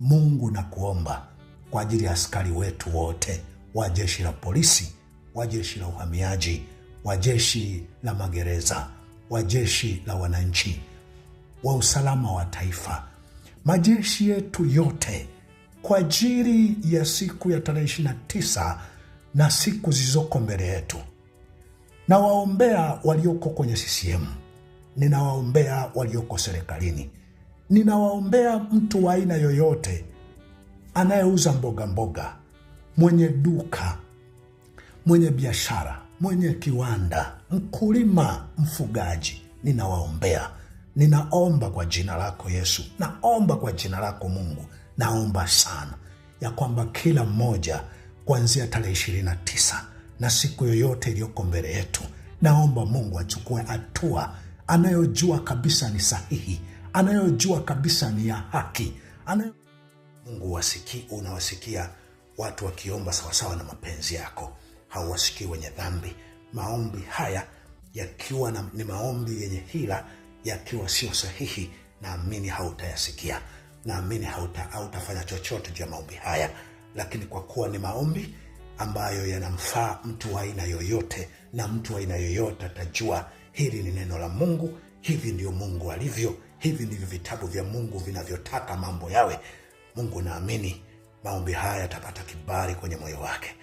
Mungu na kuomba kwa ajili ya askari wetu wote wa jeshi la polisi, wa jeshi la uhamiaji, wa jeshi la magereza, wa jeshi la wananchi, wa usalama wa taifa, majeshi yetu yote kwa ajili ya siku ya tarehe 29 na siku zilizoko mbele yetu. Nawaombea walioko kwenye CCM, ninawaombea walioko serikalini ninawaombea mtu wa aina yoyote anayeuza mboga mboga, mwenye duka, mwenye biashara, mwenye kiwanda, mkulima, mfugaji, ninawaombea ninaomba kwa jina lako Yesu, naomba kwa jina lako Mungu, naomba sana ya kwamba kila mmoja kuanzia tarehe ishirini na tisa na siku yoyote iliyoko mbele yetu, naomba Mungu achukue hatua anayojua kabisa ni sahihi anayojua kabisa ni ya haki anayo... Mungu wasiki, unawasikia watu wakiomba sawasawa na mapenzi yako, hauwasikii wenye dhambi. Maombi haya yakiwa na, ni maombi yenye hila, yakiwa sio sahihi, naamini hautayasikia, naamini hauta, hautafanya chochote juu ya maombi haya, lakini kwa kuwa ni maombi ambayo yanamfaa mtu wa aina yoyote, na mtu wa aina yoyote atajua Hili ni neno la Mungu, hivi ndio Mungu alivyo, hivi ndivyo vitabu vya Mungu vinavyotaka mambo yawe. Mungu, naamini maombi haya yatapata kibali kwenye moyo wake.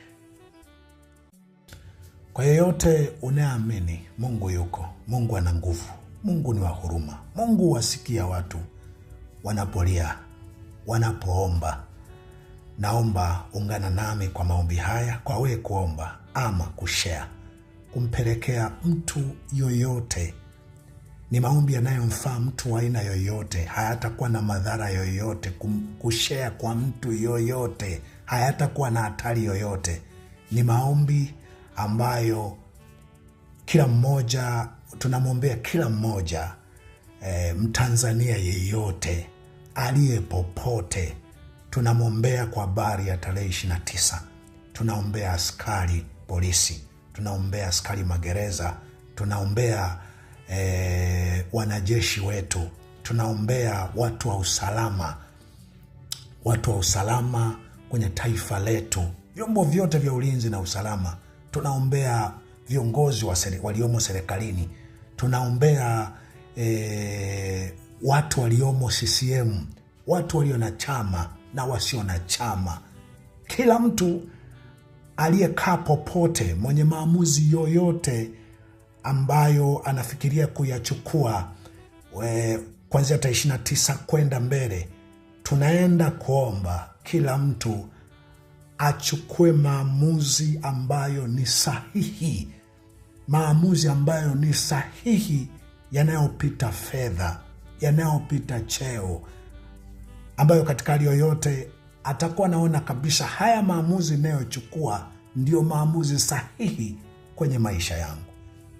Kwa yeyote unayeamini, Mungu yuko, Mungu ana nguvu, Mungu ni wa huruma, Mungu wasikia watu wanapolia, wanapoomba. Naomba ungana nami kwa maombi haya, kwa wewe kuomba ama kushare kumpelekea mtu yoyote, ni maombi yanayomfaa mtu wa aina yoyote, hayatakuwa na madhara yoyote. Kushea kwa mtu yoyote hayatakuwa na hatari yoyote. Ni maombi ambayo kila mmoja tunamwombea kila mmoja e, Mtanzania yeyote aliye popote tunamwombea kwa habari ya tarehe 29. Tunaombea askari polisi tunaombea askari magereza, tunaombea e, wanajeshi wetu, tunaombea watu wa usalama, watu wa usalama kwenye taifa letu, vyombo vyote vya ulinzi na usalama, tunaombea viongozi wa seri, waliomo serikalini, tunaombea e, watu waliomo CCM, watu walio na chama na wasio na chama, kila mtu aliyekaa popote, mwenye maamuzi yoyote ambayo anafikiria kuyachukua kuanzia tarehe 29 na tisa kwenda mbele, tunaenda kuomba kila mtu achukue maamuzi ambayo ni sahihi, maamuzi ambayo ni sahihi, yanayopita fedha, yanayopita cheo, ambayo katika hali yoyote atakuwa anaona kabisa haya maamuzi inayochukua ndiyo maamuzi sahihi kwenye maisha yangu.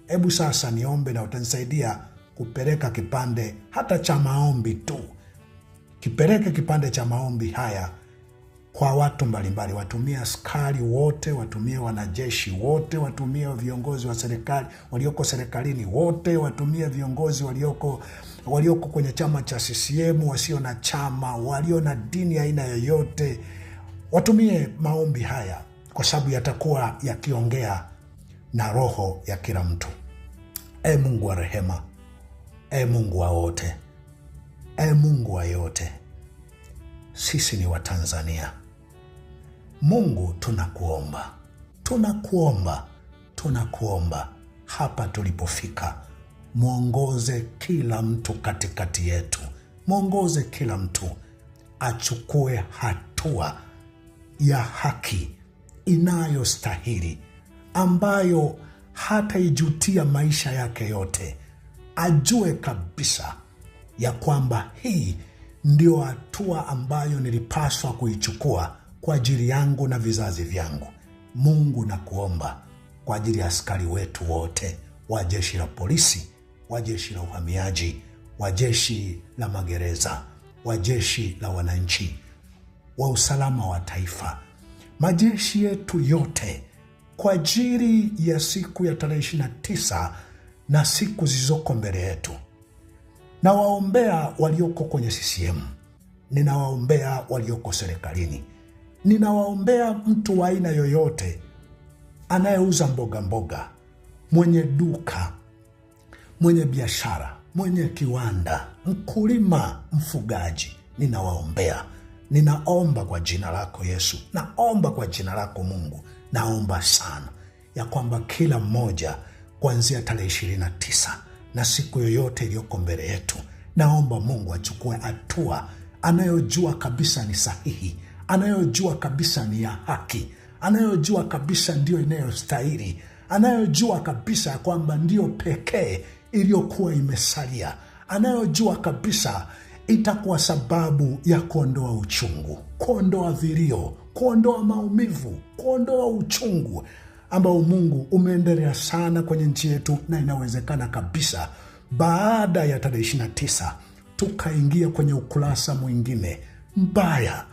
Hebu sasa niombe na utanisaidia kupeleka kipande hata cha maombi tu, kipeleke kipande cha maombi haya kwa watu mbalimbali, watumie askari wote, watumie wanajeshi wote, watumie viongozi wa serikali walioko serikalini wote, watumie viongozi walioko walioko kwenye chama cha CCM, wasio na chama, walio na dini aina yoyote, watumie maombi haya, kwa sababu yatakuwa yakiongea na roho ya kila mtu. E Mungu wa rehema, e Mungu wa wote, e Mungu wa yote, sisi ni Watanzania. Mungu tunakuomba, tunakuomba, tunakuomba hapa tulipofika, mwongoze kila mtu katikati yetu, mwongoze kila mtu achukue hatua ya haki inayostahili ambayo hataijutia maisha yake yote. Ajue kabisa ya kwamba hii ndio hatua ambayo nilipaswa kuichukua kwa ajili yangu na vizazi vyangu. Mungu nakuomba kwa ajili ya askari wetu wote wa jeshi la polisi, wa jeshi la uhamiaji, wa jeshi la magereza, wa jeshi la wananchi, wa usalama wa taifa, majeshi yetu yote kwa ajili ya siku ya tarehe 29 na siku zilizoko mbele yetu. Nawaombea walioko kwenye CCM, ninawaombea walioko serikalini, ninawaombea mtu wa aina yoyote anayeuza mboga mboga, mwenye duka, mwenye biashara, mwenye kiwanda, mkulima, mfugaji, ninawaombea ninaomba kwa jina lako Yesu, naomba kwa jina lako Mungu, naomba sana ya kwamba kila mmoja kuanzia tarehe ishirini na tisa na siku yoyote iliyoko mbele yetu, naomba Mungu achukue hatua anayojua kabisa ni sahihi, anayojua kabisa ni ya haki, anayojua kabisa ndiyo inayostahili, anayojua kabisa ya kwamba ndiyo pekee iliyokuwa imesalia, anayojua kabisa itakuwa sababu ya kuondoa uchungu, kuondoa vilio, kuondoa maumivu, kuondoa uchungu ambao Mungu umeendelea sana kwenye nchi yetu, na inawezekana kabisa baada ya tarehe 29 tukaingia kwenye ukurasa mwingine mbaya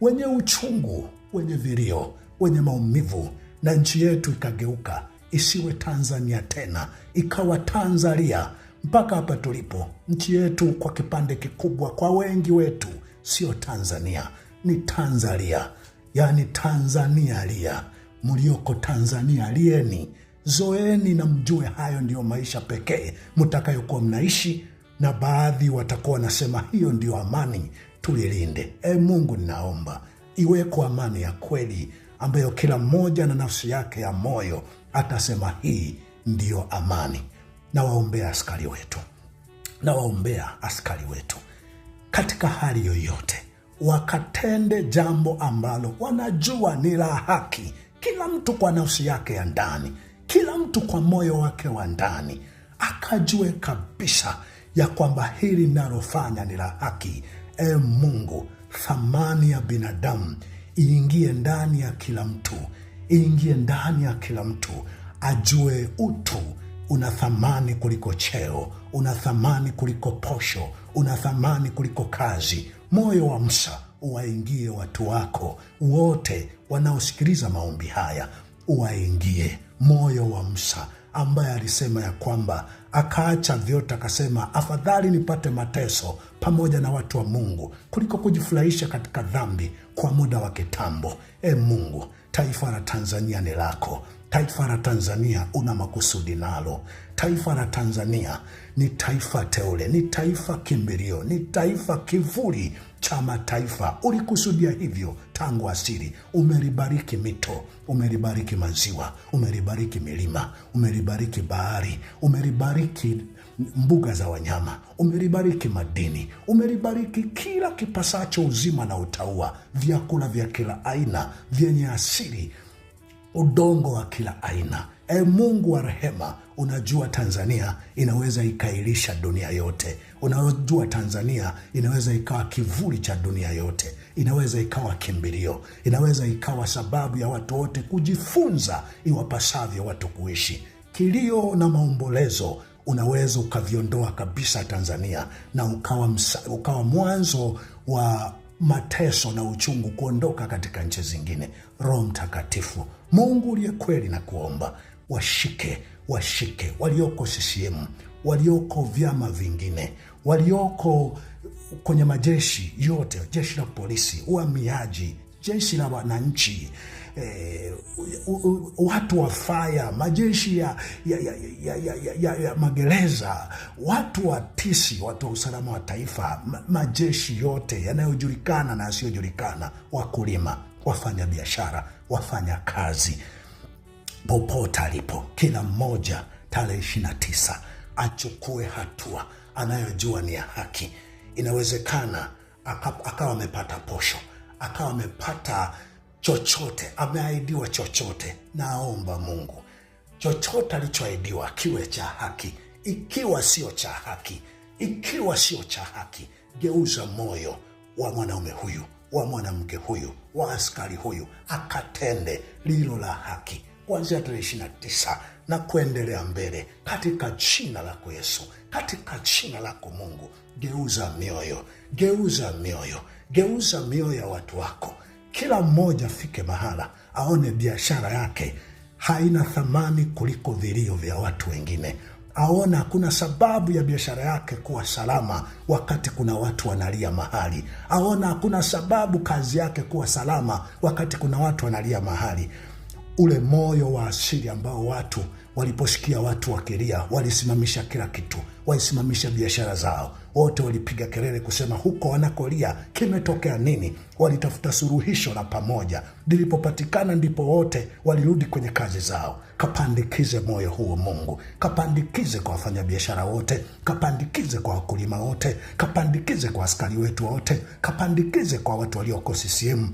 wenye uchungu, wenye vilio, wenye maumivu, na nchi yetu ikageuka isiwe Tanzania tena, ikawa Tanzania mpaka hapa tulipo. Nchi yetu kwa kipande kikubwa, kwa wengi wetu, sio Tanzania, ni Tanzania, yaani Tanzania lia. Mlioko Tanzania lieni, zoeni na mjue, hayo ndiyo maisha pekee mtakayokuwa mnaishi, na baadhi watakuwa wanasema hiyo ndiyo amani tulilinde. E Mungu, ninaomba iweko amani ya kweli ambayo kila mmoja na nafsi yake ya moyo atasema hii ndiyo amani. Nawaombea askari wetu, nawaombea askari wetu katika hali yoyote, wakatende jambo ambalo wanajua ni la haki, kila mtu kwa nafsi yake ya ndani, kila mtu kwa moyo wake wa ndani akajue kabisa ya kwamba hili linalofanya ni la haki e Mungu, thamani ya binadamu iingie ndani ya kila mtu, iingie ndani ya kila mtu, ajue utu una thamani kuliko cheo, una thamani kuliko posho, una thamani kuliko kazi. Moyo wa Musa uwaingie watu wako wote wanaosikiliza maombi haya, uwaingie moyo wa Musa ambaye alisema ya kwamba akaacha vyote akasema, afadhali nipate mateso pamoja na watu wa Mungu kuliko kujifurahisha katika dhambi kwa muda wa kitambo. E Mungu, taifa la Tanzania ni lako, taifa la Tanzania una makusudi nalo. Taifa la Tanzania ni taifa teule, ni taifa kimbilio, ni taifa kivuli cha mataifa. Ulikusudia hivyo tangu asili. Umelibariki mito, umelibariki maziwa, umelibariki milima, umelibariki bahari, umelibariki mbuga za wanyama, umelibariki madini, umelibariki kila kipasacho uzima na utaua, vyakula vya kila aina vyenye asili, udongo wa kila aina E Mungu wa rehema, unajua Tanzania inaweza ikailisha dunia yote. Unajua Tanzania inaweza ikawa kivuli cha dunia yote, inaweza ikawa kimbilio, inaweza ikawa sababu ya watu wote kujifunza iwapasavyo watu kuishi. Kilio na maombolezo unaweza ukaviondoa kabisa Tanzania na ukawa, msa, ukawa mwanzo wa mateso na uchungu kuondoka katika nchi zingine. Roho Mtakatifu, Mungu uliye kweli, na kuomba washike, washike walioko CCM, walioko vyama vingine, walioko kwenye majeshi yote, jeshi la polisi, uhamiaji, jeshi la wananchi eh, watu wa faya, majeshi ya, ya, ya, ya, ya, ya, ya, ya magereza, watu wa tisi, watu wa usalama wa taifa, majeshi yote yanayojulikana na yasiyojulikana, wakulima, wafanya biashara, wafanya kazi popote alipo, kila mmoja tarehe 29 achukue hatua anayojua ni ya haki. Inawezekana akawa amepata posho, akawa amepata chochote, ameahidiwa chochote. Naomba Mungu, chochote alichoahidiwa kiwe cha haki. Ikiwa sio cha haki, ikiwa sio cha haki, geuza moyo wa mwanaume huyu, wa mwanamke huyu, wa askari huyu, akatende lilo la haki kuanzia tarehe ishirini na tisa na kuendelea mbele, katika jina lako Yesu, katika jina lako Mungu, geuza mioyo, geuza mioyo, geuza mioyo ya watu wako. Kila mmoja afike mahala aone biashara yake haina thamani kuliko vilio vya watu wengine, aone hakuna sababu ya biashara yake kuwa salama wakati kuna watu wanalia mahali, aone hakuna sababu kazi yake kuwa salama wakati kuna watu wanalia mahali ule moyo wa asili ambao watu waliposikia watu wakilia walisimamisha kila kitu, walisimamisha biashara zao, wote walipiga kelele kusema huko wanakolia kimetokea nini. Walitafuta suluhisho la pamoja, lilipopatikana ndipo wote walirudi kwenye kazi zao. Kapandikize moyo huo Mungu, kapandikize kwa wafanyabiashara wote, kapandikize kwa wakulima wote, kapandikize kwa askari wetu wote, kapandikize kwa watu walioko CCM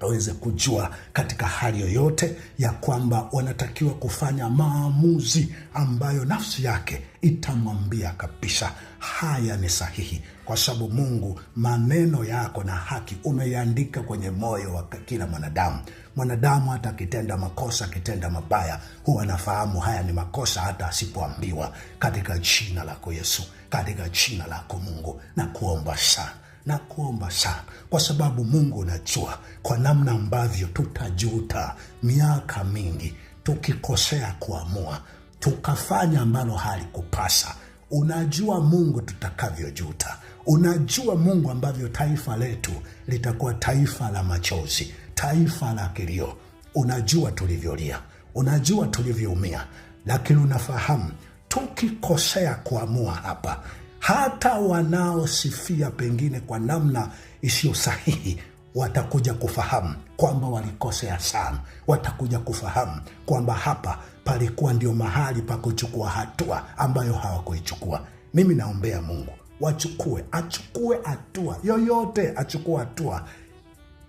waweze kujua katika hali yoyote ya kwamba wanatakiwa kufanya maamuzi ambayo nafsi yake itamwambia kabisa haya ni sahihi, kwa sababu Mungu, maneno yako na haki umeyaandika kwenye moyo wa kila mwanadamu. Mwanadamu hata akitenda makosa, akitenda mabaya, huwa anafahamu haya ni makosa, hata asipoambiwa. Katika jina lako Yesu, katika jina lako Mungu, na kuomba sana na kuomba sana, kwa sababu Mungu unajua kwa namna ambavyo tutajuta miaka mingi tukikosea kuamua tukafanya ambalo halikupasa. Unajua Mungu tutakavyojuta. Unajua Mungu ambavyo taifa letu litakuwa taifa la machozi, taifa la kilio. Unajua tulivyolia, unajua tulivyoumia, lakini unafahamu tukikosea kuamua hapa hata wanaosifia pengine kwa namna isiyo sahihi watakuja kufahamu kwamba walikosea sana. Watakuja kufahamu kwamba hapa palikuwa ndio mahali pa kuchukua hatua ambayo hawakuichukua. Mimi naombea Mungu wachukue, achukue hatua yoyote, achukue hatua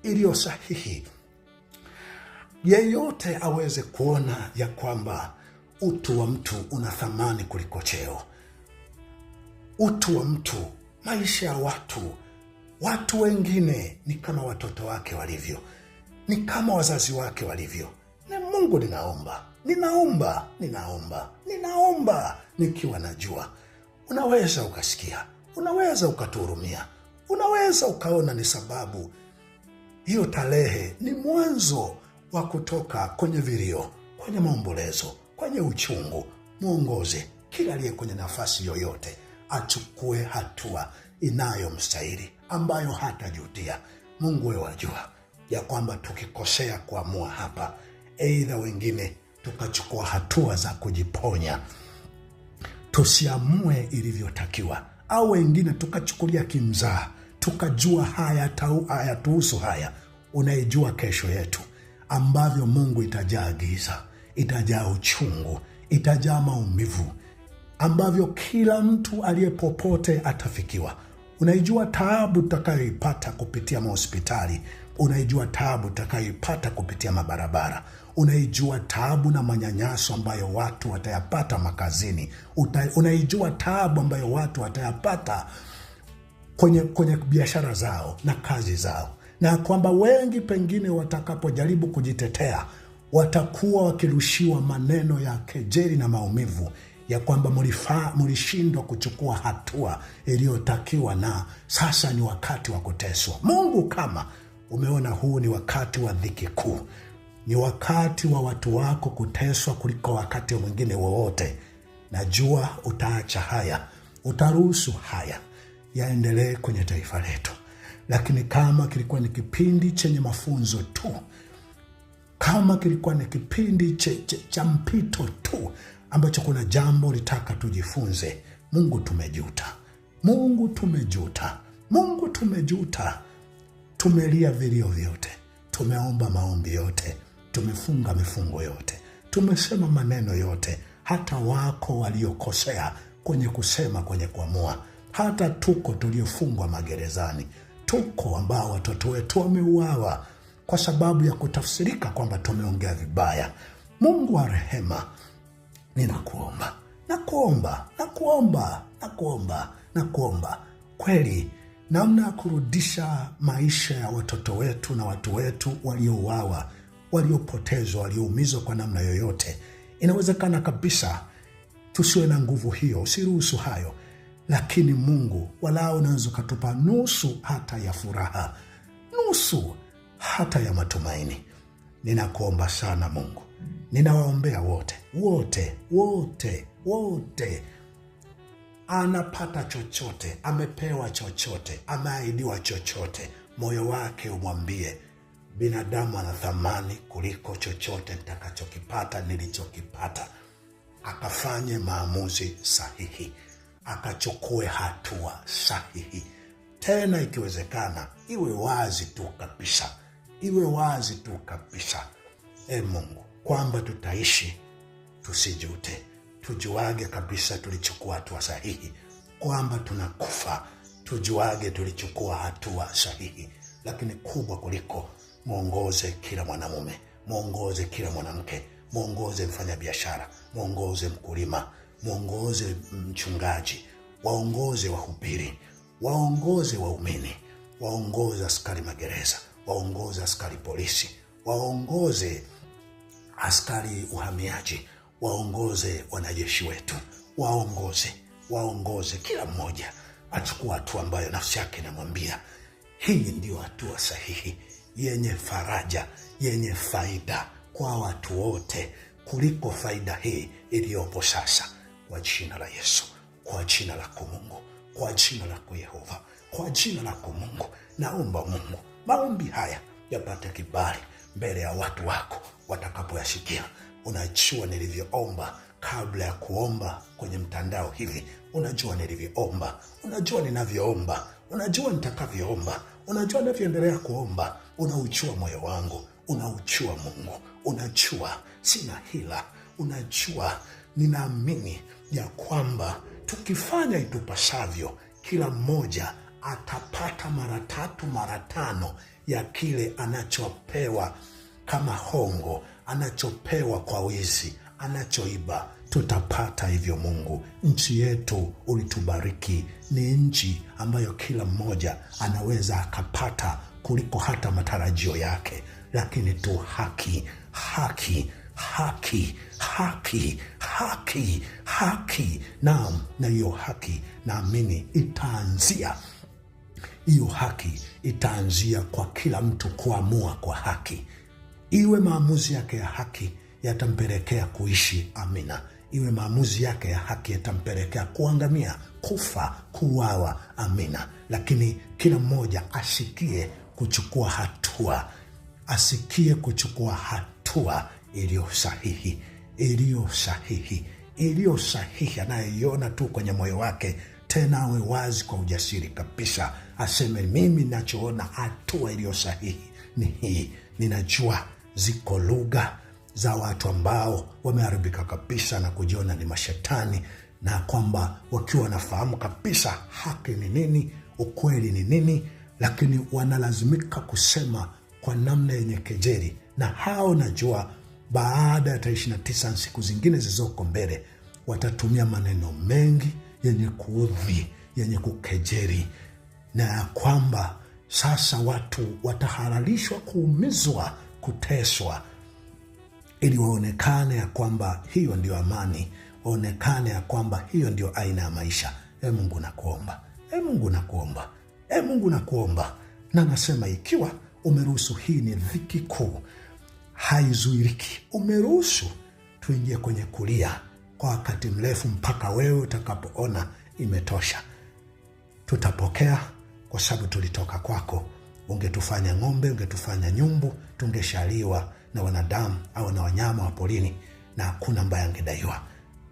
iliyo sahihi, yeyote aweze kuona ya kwamba utu wa mtu una thamani kuliko cheo utu wa mtu, maisha ya watu. Watu wengine ni kama watoto wake walivyo, ni kama wazazi wake walivyo. Na Mungu, ninaomba ninaomba ninaomba ninaomba, nikiwa najua unaweza ukasikia, unaweza ukatuhurumia, unaweza ukaona ni sababu hiyo tarehe ni mwanzo wa kutoka kwenye vilio, kwenye maombolezo, kwenye uchungu. Mwongoze kila aliye kwenye nafasi yoyote achukue hatua inayomstahili ambayo hatajutia. Mungu wewe wajua ya kwamba tukikosea kuamua hapa, aidha wengine tukachukua hatua za kujiponya, tusiamue ilivyotakiwa, au wengine tukachukulia kimzaa tukajua haya tau tuhusu haya. Unaijua kesho yetu ambavyo Mungu itajaa giza, itajaa uchungu, itajaa maumivu ambavyo kila mtu aliye popote atafikiwa. Unaijua taabu utakayoipata kupitia mahospitali, unaijua taabu utakayoipata kupitia mabarabara, unaijua taabu na manyanyaso ambayo watu watayapata makazini, unaijua taabu ambayo watu watayapata kwenye, kwenye biashara zao na kazi zao, na kwamba wengi pengine watakapojaribu kujitetea watakuwa wakirushiwa maneno ya kejeli na maumivu ya kwamba mlishindwa kuchukua hatua iliyotakiwa na sasa ni wakati wa kuteswa. Mungu kama umeona huu ni wakati wa dhiki kuu, ni wakati wa watu wako kuteswa kuliko wakati mwingine wowote. Najua utaacha haya, utaruhusu haya yaendelee kwenye taifa letu, lakini kama kilikuwa ni kipindi chenye mafunzo tu, kama kilikuwa ni kipindi cha mpito tu ambacho kuna jambo litaka tujifunze. Mungu tumejuta, Mungu tumejuta, Mungu tumejuta. Tumelia vilio vyote, tumeomba maombi yote, tumefunga mifungo yote, tumesema maneno yote, hata wako waliokosea kwenye kusema, kwenye kuamua, hata tuko tuliofungwa magerezani, tuko ambao watoto wetu wameuawa kwa sababu ya kutafsirika kwamba tumeongea vibaya. Mungu wa rehema ninakuomba, nakuomba, nakuomba, nakuomba, nakuomba kweli, namna ya kurudisha maisha ya watoto wetu na watu wetu waliouawa, waliopotezwa, walioumizwa kwa namna yoyote. Inawezekana kabisa tusiwe na nguvu hiyo, usiruhusu hayo, lakini Mungu, walau unaweza ukatupa nusu hata ya furaha, nusu hata ya matumaini. Ninakuomba sana Mungu ninawaombea wote wote wote wote. Anapata chochote, amepewa chochote, ameahidiwa chochote, moyo wake umwambie binadamu ana thamani kuliko chochote nitakachokipata, nilichokipata. Akafanye maamuzi sahihi, akachukue hatua sahihi, tena ikiwezekana iwe wazi tu kabisa, iwe wazi tu kabisa. E Mungu kwamba tutaishi, tusijute, tujuage kabisa tulichukua hatua sahihi, kwamba tunakufa, tujuage tulichukua hatua sahihi. Lakini kubwa kuliko, mwongoze kila mwanamume, mwongoze kila mwanamke, mwongoze mfanyabiashara, mwongoze mkulima, mwongoze mchungaji, waongoze wahubiri, waongoze waumini, waongoze askari magereza, waongoze askari polisi, waongoze askari uhamiaji waongoze wanajeshi wetu, waongoze waongoze, kila mmoja achukua hatua ambayo nafsi yake inamwambia hii ndio hatua sahihi yenye faraja yenye faida kwa watu wote kuliko faida hii iliyopo sasa. Kwa jina la Yesu, kwa jina lako Mungu, kwa jina lako Yehova, kwa jina lako Mungu, naomba Mungu maombi haya yapate kibali mbele ya watu wako watakapoyashikia. Unajua nilivyoomba kabla ya kuomba kwenye mtandao hivi, unajua nilivyoomba, unajua ninavyoomba, unajua nitakavyoomba, unajua navyoendelea kuomba. unauchua moyo wangu, unauchua Mungu, unajua sina hila, unajua ninaamini ya kwamba tukifanya itupasavyo, kila mmoja atapata mara tatu mara tano ya kile anachopewa kama hongo, anachopewa kwa wizi, anachoiba tutapata hivyo. Mungu, nchi yetu ulitubariki, ni nchi ambayo kila mmoja anaweza akapata kuliko hata matarajio yake, lakini tu haki, haki, haki, haki, haki, haki. Naam, na hiyo haki naamini itaanzia hiyo haki itaanzia kwa kila mtu kuamua kwa haki, iwe maamuzi yake ya haki yatampelekea kuishi. Amina. Iwe maamuzi yake ya haki yatampelekea kuangamia, kufa, kuuawa. Amina. Lakini kila mmoja asikie kuchukua hatua, asikie kuchukua hatua iliyo sahihi, iliyo sahihi, iliyo sahihi, anayeiona tu kwenye moyo wake tena awe wazi kwa ujasiri kabisa, aseme mimi nachoona hatua iliyo sahihi ni hii. Ninajua ziko lugha za watu ambao wameharibika kabisa na kujiona ni mashetani, na kwamba wakiwa wanafahamu kabisa haki ni nini, ukweli ni nini, lakini wanalazimika kusema kwa namna yenye kejeli. Na hao najua baada ya tarehe 29 siku zingine zilizoko mbele watatumia maneno mengi yenye kuudhi, yenye kukejeri, na ya kwamba sasa watu watahalalishwa kuumizwa, kuteswa, ili waonekane ya kwamba hiyo ndio amani, waonekane ya kwamba hiyo ndio aina ya maisha. E Mungu nakuomba, e Mungu nakuomba, e Mungu nakuomba. Na nasema ikiwa umeruhusu, hii ni dhiki kuu, haizuiriki. Umeruhusu tuingie kwenye kulia kwa wakati mrefu mpaka wewe utakapoona imetosha. Tutapokea kwa sababu tulitoka kwako. Ungetufanya ng'ombe, ungetufanya nyumbu, tungeshaliwa na wanadamu au na wanyama wa porini, na hakuna ambaye angedaiwa.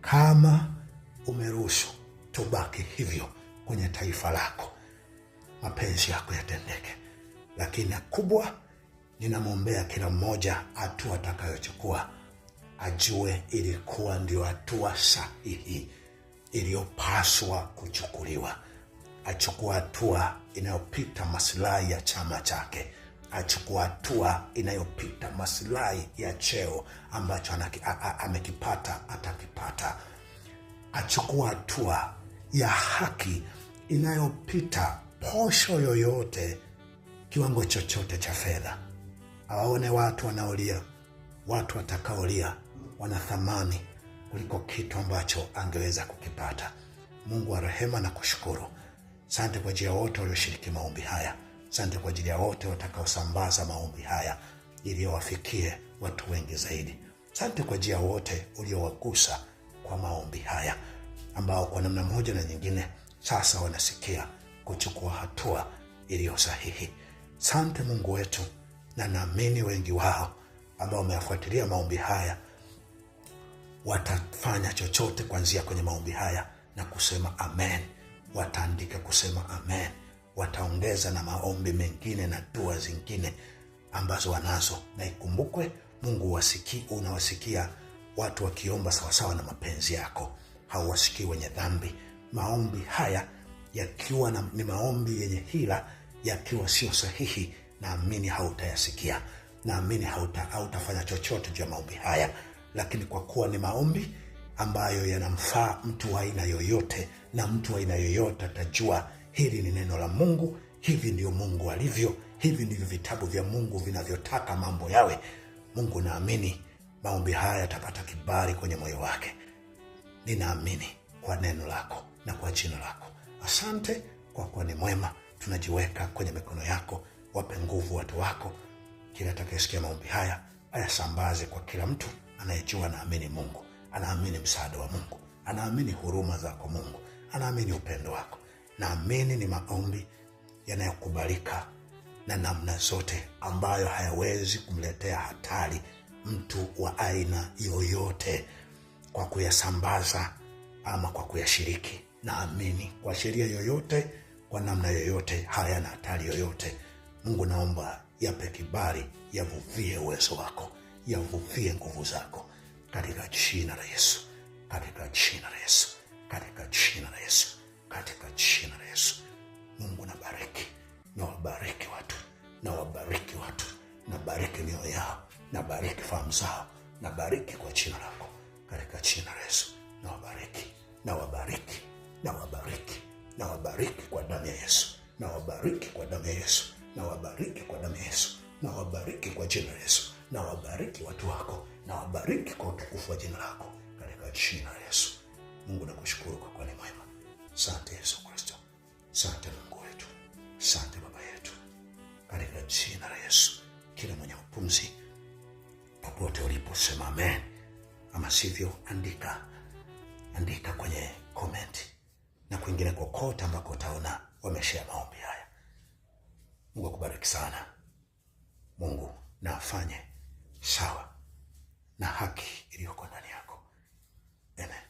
Kama umeruhusu tubaki hivyo kwenye taifa lako, mapenzi yako yatendeke. Lakini kubwa, ninamwombea kila mmoja hatua atakayochukua ajue ilikuwa ndio hatua sahihi iliyopaswa kuchukuliwa. Achukua hatua inayopita masilahi ya chama chake, achukua hatua inayopita masilahi ya cheo ambacho amekipata atakipata, achukua hatua ya haki inayopita posho yoyote, kiwango chochote cha fedha. Awaone watu wanaolia, watu watakaolia wana thamani kuliko kitu ambacho angeweza kukipata. Mungu wa rehema na kushukuru. Sante kwa ajili ya wote walioshiriki maombi haya. Sante kwa ajili ya wote watakaosambaza maombi haya ili wafikie watu wengi zaidi. Sante kwa ajili ya wote uliowagusa kwa maombi haya, ambao kwa namna moja na nyingine sasa wanasikia kuchukua hatua iliyo sahihi. Sante Mungu wetu, na naamini wengi wao ambao wameyafuatilia maombi haya watafanya chochote kuanzia kwenye maombi haya na kusema amen wataandika kusema amen wataongeza na maombi mengine na dua zingine ambazo wanazo na ikumbukwe mungu wasiki, unawasikia watu wakiomba sawasawa na mapenzi yako hauwasikii wenye dhambi maombi haya yakiwa na, ni maombi yenye hila yakiwa sio sahihi naamini hautayasikia naamini hauta, hautafanya chochote juu ya maombi haya lakini kwa kuwa ni maombi ambayo yanamfaa mtu wa aina yoyote, na mtu wa aina yoyote atajua hili ni neno la Mungu, hivi ndio Mungu alivyo, hivi ndivyo vitabu vya Mungu vinavyotaka mambo yawe. Mungu, naamini maombi haya yatapata kibali kwenye moyo wake. Ninaamini kwa neno lako na kwa jina lako. Asante kwa kuwa ni mwema, tunajiweka kwenye mikono yako. Wape nguvu watu wako, kila atakayesikia maombi haya ayasambaze kwa kila mtu anayejua anaamini Mungu, anaamini msaada wa Mungu, anaamini huruma zako Mungu, anaamini upendo wako. Naamini ni maombi yanayokubalika na namna zote, ambayo hayawezi kumletea hatari mtu wa aina yoyote kwa kuyasambaza ama kwa kuyashiriki. Naamini kwa sheria yoyote, kwa namna yoyote, hayana hatari yoyote. Mungu, naomba yape kibali, yavuvie uwezo wako yamvuvie nguvu zako katika jina la Yesu, katika jina la Yesu, katika jina la Yesu, katika jina la Yesu. Mungu nabariki, nawabariki watu, nawabariki watu, nabariki mioyo yao, nabariki fahamu zao, nabariki kwa jina lako, katika jina la Yesu. Nawabariki, nawabariki, nawabariki, nawabariki kwa damu ya Yesu, nawabariki kwa damu ya Yesu, nawabariki kwa damu ya Yesu, nawabariki kwa jina la Yesu na wabariki watu wako na wabariki kwa utukufu wa jina lako katika jina la Yesu. Mungu nakushukuru kwa kuwa ni mwema. Asante Yesu Kristo, asante Mungu wetu, asante Baba yetu, katika jina la Yesu. Kila mwenye upumzi popote uliposema amen, ama sivyo, andika andika kwenye komenti na kwingine kokote ambako utaona wameshea maombi haya. Mungu akubariki sana. Mungu na afanye sawa na haki iliyoko ndani yako Amen.